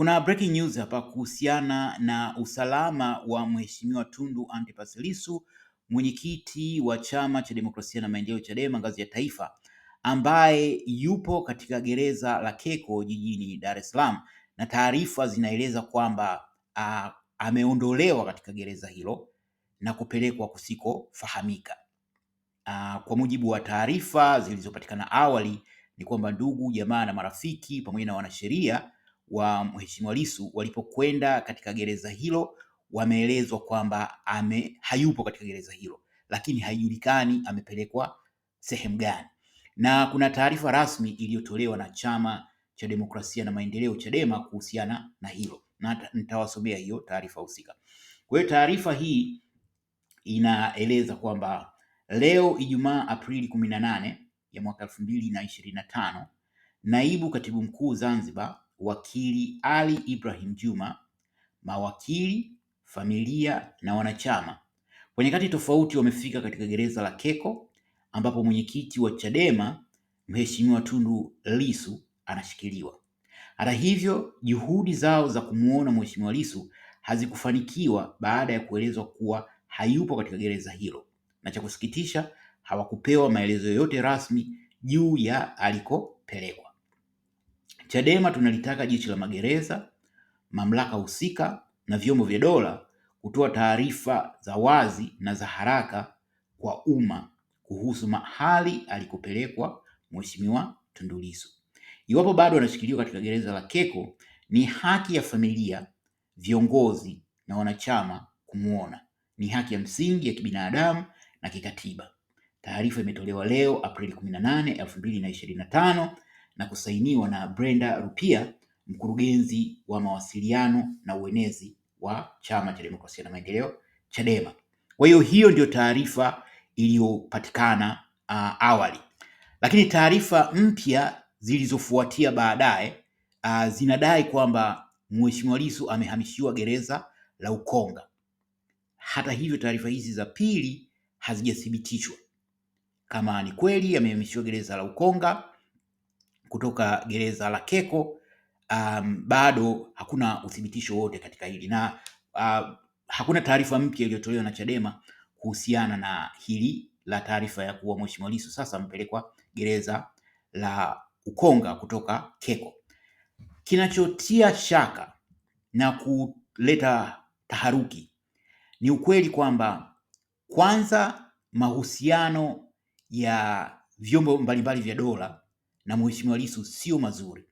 Kuna breaking news hapa kuhusiana na usalama wa Mheshimiwa Tundu Antipas Lissu, mwenyekiti wa Chama cha Demokrasia na Maendeleo Chadema ngazi ya taifa, ambaye yupo katika gereza la Keko jijini Dar es Salaam, na taarifa zinaeleza kwamba ameondolewa katika gereza hilo na kupelekwa kusikofahamika. kwa mujibu wa taarifa zilizopatikana awali ni kwamba ndugu, jamaa na marafiki pamoja na wanasheria wa Mheshimiwa Lissu walipokwenda katika gereza hilo, wameelezwa kwamba ame hayupo katika gereza hilo, lakini haijulikani amepelekwa sehemu gani, na kuna taarifa rasmi iliyotolewa na Chama cha Demokrasia na Maendeleo Chadema kuhusiana na hilo, na nitawasomea hiyo taarifa husika. Kwa hiyo taarifa hii inaeleza kwamba leo Ijumaa Aprili kumi na nane ya mwaka elfu mbili na ishirini na tano, naibu katibu mkuu Zanzibar wakili Ali Ibrahim Juma, mawakili, familia na wanachama kwa nyakati tofauti wamefika katika gereza la Keko ambapo mwenyekiti wa Chadema Mheshimiwa Tundu lisu anashikiliwa. Hata hivyo, juhudi zao za kumuona Mheshimiwa lisu hazikufanikiwa baada ya kuelezwa kuwa hayupo katika gereza hilo, na cha kusikitisha hawakupewa maelezo yoyote rasmi juu ya alikopelekwa. Chadema tunalitaka jeshi la magereza, mamlaka husika na vyombo vya dola kutoa taarifa za wazi na za haraka kwa umma kuhusu mahali alikopelekwa Mheshimiwa Tundu Lissu. Iwapo bado anashikiliwa katika gereza la Keko, ni haki ya familia, viongozi na wanachama kumwona. Ni haki ya msingi ya kibinadamu na kikatiba. Taarifa imetolewa leo Aprili 18, 2025 na kusainiwa na Brenda Rupia, mkurugenzi wa mawasiliano na uenezi wa Chama cha Demokrasia na Maendeleo Chadema. Kwa hiyo hiyo ndio taarifa iliyopatikana uh, awali, lakini taarifa mpya zilizofuatia baadaye uh, zinadai kwamba Mheshimiwa Lissu amehamishiwa gereza la Ukonga. Hata hivyo, taarifa hizi za pili hazijathibitishwa kama ni kweli amehamishiwa gereza la Ukonga kutoka gereza la Keko um, bado hakuna uthibitisho wote katika hili na uh, hakuna taarifa mpya iliyotolewa na Chadema kuhusiana na hili la taarifa ya kuwa Mheshimiwa liso sasa amepelekwa gereza la Ukonga kutoka Keko. Kinachotia shaka na kuleta taharuki ni ukweli kwamba kwanza, mahusiano ya vyombo mbalimbali vya dola na Mheshimiwa Lissu sio mazuri,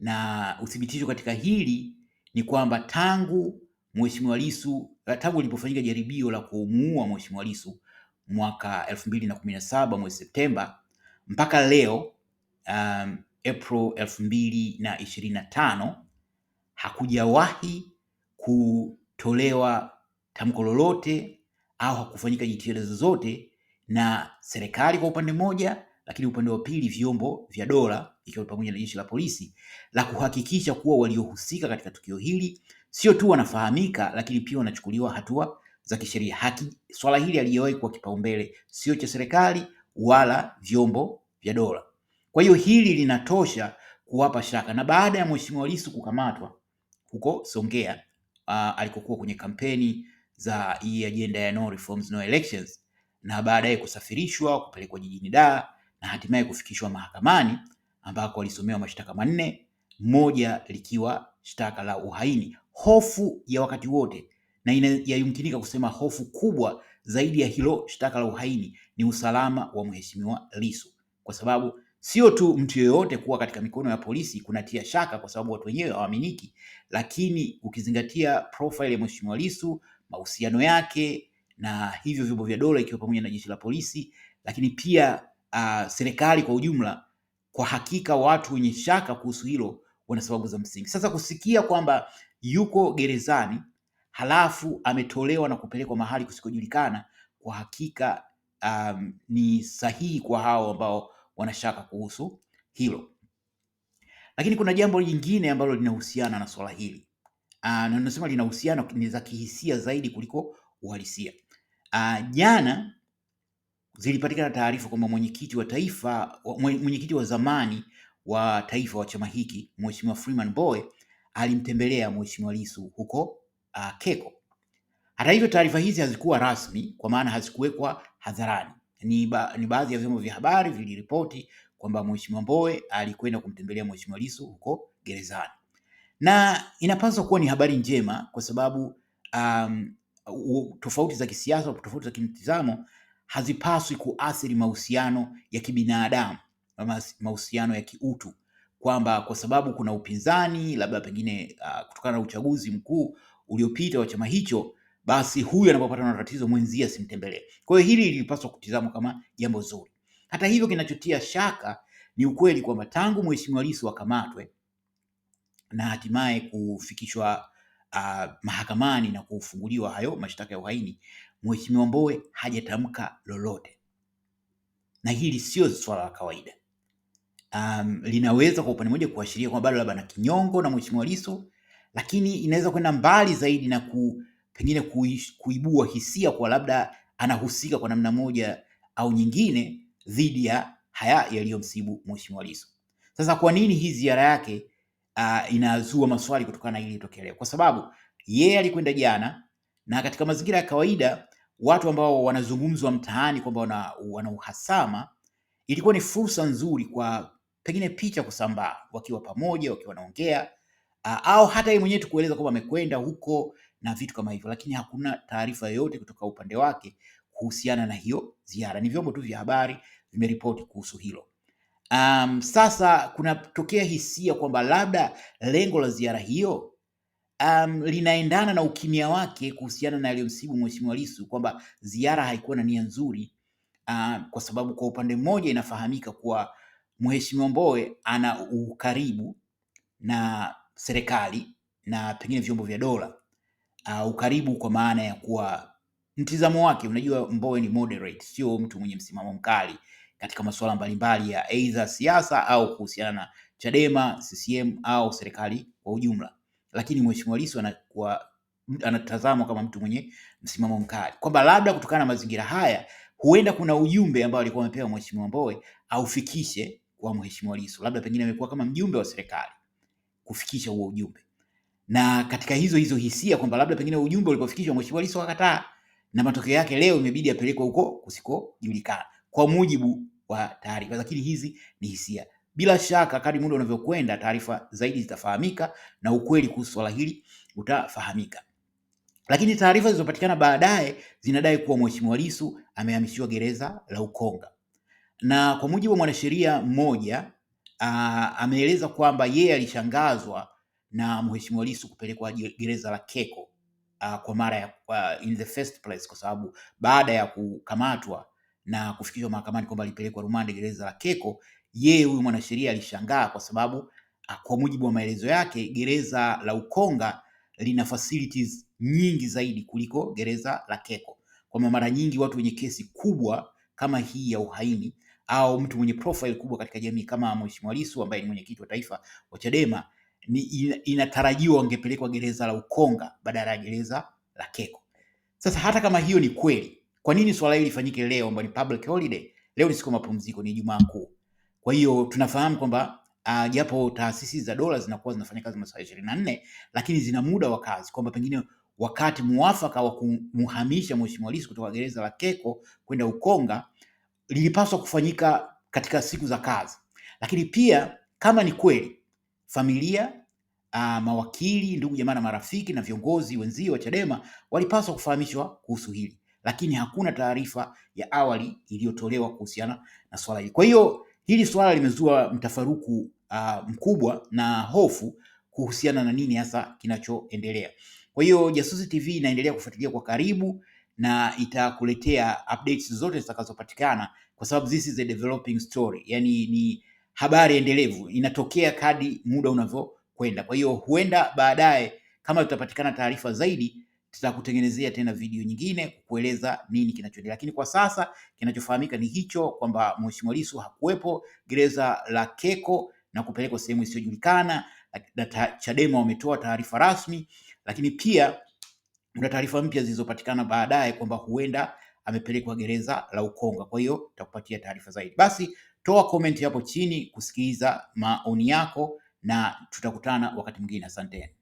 na uthibitisho katika hili ni kwamba tangu Mheshimiwa Lissu eh, tangu lilipofanyika jaribio la kumuua Mheshimiwa Lissu mwaka elfu mbili na kumi na saba mwezi Septemba mpaka leo um, April elfu mbili na ishirini na tano hakujawahi kutolewa tamko lolote au hakufanyika jitihada zozote na serikali kwa upande mmoja lakini upande wa pili vyombo vya dola ikiwa pamoja na jeshi la polisi la kuhakikisha kuwa waliohusika katika tukio hili sio tu wanafahamika, lakini pia wanachukuliwa hatua za kisheria. Haki swala hili aliyowahi kuwa kipaumbele sio cha serikali wala vyombo vya dola. Kwa hiyo hili linatosha kuwapa shaka, na baada ya Mheshimiwa Lissu kukamatwa huko Songea, uh, alikokuwa kwenye kampeni za hii ajenda ya no reforms no elections, na baadaye kusafirishwa kupelekwa jijini Dar na hatimaye kufikishwa mahakamani ambako walisomewa mashtaka manne, moja likiwa shtaka la uhaini. Hofu ya wakati wote na inayumkinika kusema hofu kubwa zaidi ya hilo shtaka la uhaini ni usalama wa mheshimiwa Lissu, kwa sababu sio tu mtu yeyote kuwa katika mikono ya polisi kunatia shaka, kwa sababu watu wenyewe hawaaminiki, lakini ukizingatia profile ya mheshimiwa Lissu, mahusiano yake na hivyo vyombo vya dola, ikiwa pamoja na jeshi la polisi, lakini pia uh, serikali kwa ujumla, kwa hakika watu wenye shaka kuhusu hilo wana sababu za msingi. Sasa kusikia kwamba yuko gerezani halafu ametolewa na kupelekwa mahali kusikojulikana, kwa hakika um, ni sahihi kwa hao ambao wanashaka kuhusu hilo. Lakini kuna jambo lingine ambalo linahusiana na swala hili uh, na uh, nasema linahusiana, ni za kihisia zaidi kuliko uhalisia. Uh, jana zilipatikana taarifa kwamba mwenyekiti wa taifa, mwenyekiti wa zamani wa taifa wa chama hiki Mheshimiwa Freeman Mbowe alimtembelea Mheshimiwa Lissu huko uh, ah, Keko. Hata hivyo, taarifa hizi hazikuwa rasmi, kwa maana hazikuwekwa hadharani. Ni, ba, ni baadhi ya vyombo vya habari viliripoti kwamba Mheshimiwa Mbowe alikwenda kumtembelea Mheshimiwa Lissu huko gerezani, na inapaswa kuwa ni habari njema kwa sababu um, tofauti za kisiasa, tofauti za kimtizamo hazipaswi kuathiri mahusiano ya kibinadamu, mahusiano ya kiutu, kwamba kwa sababu kuna upinzani labda pengine uh, kutokana na uchaguzi mkuu uliopita wa chama hicho, basi huyu anapopata na tatizo mwenzie asimtembelee. Kwa hiyo hili lilipaswa kutizamwa kama jambo zuri. Hata hivyo, kinachotia shaka ni ukweli kwamba tangu Mheshimiwa Lissu akamatwe na hatimaye kufikishwa uh, mahakamani na kufunguliwa hayo mashtaka ya uhaini, Mheshimiwa Mbowe hajatamka lolote, na hili sio swala la kawaida. Um, linaweza kwa upande mmoja kuashiria kwamba bado labda na kinyongo na Mheshimiwa Lissu, lakini inaweza kwenda mbali zaidi na ku, pengine kuibua hisia kwa labda anahusika kwa namna moja au nyingine dhidi ya haya yaliyomsibu Mheshimiwa Lissu. Sasa kwa nini hii ziara yake uh, inazua maswali kutokana na hili tokea Kwa sababu yeye alikwenda jana na katika mazingira ya kawaida watu ambao wanazungumzwa mtaani kwamba wana, wana uhasama, ilikuwa ni fursa nzuri kwa pengine picha kusambaa wakiwa pamoja, wakiwa wanaongea au hata yeye mwenyewe tukueleza kwamba amekwenda huko na vitu kama hivyo, lakini hakuna taarifa yoyote kutoka upande wake kuhusiana na hiyo ziara. Ni vyombo tu vya habari vimeripoti kuhusu hilo. Um, sasa kunatokea hisia kwamba labda lengo la ziara hiyo um, linaendana na ukimya wake kuhusiana na aliyomsibu Mheshimiwa Lissu kwamba ziara haikuwa na nia nzuri, uh, kwa sababu kwa upande mmoja inafahamika kuwa Mheshimiwa Mbowe ana ukaribu na serikali na pengine vyombo vya dola uh, ukaribu kwa maana ya kuwa mtizamo wake, unajua Mbowe ni moderate, sio mtu mwenye msimamo mkali katika masuala mbalimbali ya aidha siasa au kuhusiana na Chadema, CCM au serikali kwa ujumla lakini Mheshimiwa Lissu anakuwa anatazamwa kama mtu mwenye msimamo mkali, kwamba labda kutokana na mazingira haya huenda kuna ujumbe ambao alikuwa amepewa Mheshimiwa Mbowe aufikishe kwa Mheshimiwa Lissu, labda pengine amekuwa kama mjumbe wa serikali kufikisha huo ujumbe, na katika hizo hizo hisia kwamba labda pengine ujumbe ulipofikishwa Mheshimiwa Lissu akakataa, na matokeo yake leo imebidi apelekwe huko kusikojulikana, kwa mujibu wa taarifa, lakini hizi ni hisia. Bila shaka kadri muda unavyokwenda, taarifa zaidi zitafahamika na ukweli kuhusu swala hili utafahamika. Lakini taarifa zilizopatikana baadaye zinadai kuwa Mheshimiwa Lissu amehamishiwa gereza la Ukonga, na kwa mujibu wa mwanasheria mmoja ameeleza kwamba yeye alishangazwa na Mheshimiwa Lissu kupelekwa gereza la Keko a, kwa mara ya, a, in the first place kwa sababu baada ya kukamatwa na kufikishwa mahakamani kwamba alipelekwa rumande gereza la Keko, yeye huyu mwanasheria alishangaa kwa sababu ah, kwa mujibu wa maelezo yake gereza la Ukonga lina facilities nyingi zaidi kuliko gereza la Keko. Kwa mara nyingi watu wenye kesi kubwa kama hii ya uhaini au mtu mwenye profile kubwa katika jamii kama Mheshimiwa Lissu ambaye ni mwenyekiti wa taifa wa Chadema ni inatarajiwa wangepelekwa gereza la Ukonga badala ya gereza la Keko. Sasa hata kama hiyo ni kweli kwa nini swala hili lifanyike leo ambapo ni public holiday? Leo ni siku ya mapumziko, ni Ijumaa Kuu. Kwa hiyo tunafahamu kwamba uh, japo taasisi za dola zinakuwa zinafanya kazi masaa ishirini na nne lakini zina muda wa kazi, kwamba pengine wakati muafaka wa kumhamisha Mheshimiwa Lissu kutoka gereza la Keko kwenda Ukonga lilipaswa kufanyika katika siku za kazi, lakini pia kama ni kweli familia Uh, mawakili ndugu jamaa na marafiki na viongozi wenzio wa Chadema walipaswa kufahamishwa kuhusu hili lakini hakuna taarifa ya awali iliyotolewa kuhusiana na swala hili. Kwa hiyo hili swala limezua mtafaruku uh, mkubwa na hofu kuhusiana na nini hasa kinachoendelea. Kwa hiyo Jasusi TV inaendelea kufuatilia kwa karibu na itakuletea updates zote zitakazopatikana kwa sababu this is a developing story. Yani ni habari endelevu inatokea kadi muda unavyokwenda. Kwa hiyo huenda baadaye kama tutapatikana taarifa zaidi tutakutengenezea tena video nyingine kukueleza nini kinachoendelea, lakini kwa sasa kinachofahamika ni hicho kwamba Mheshimiwa Lissu hakuwepo gereza la Keko na kupelekwa sehemu isiyojulikana. Chadema wametoa taarifa rasmi, lakini pia kuna taarifa mpya zilizopatikana baadaye kwamba huenda amepelekwa gereza la Ukonga. Kwa hiyo tutakupatia taarifa zaidi. Basi toa komenti hapo chini kusikiliza maoni yako, na tutakutana wakati mwingine. Asanteni.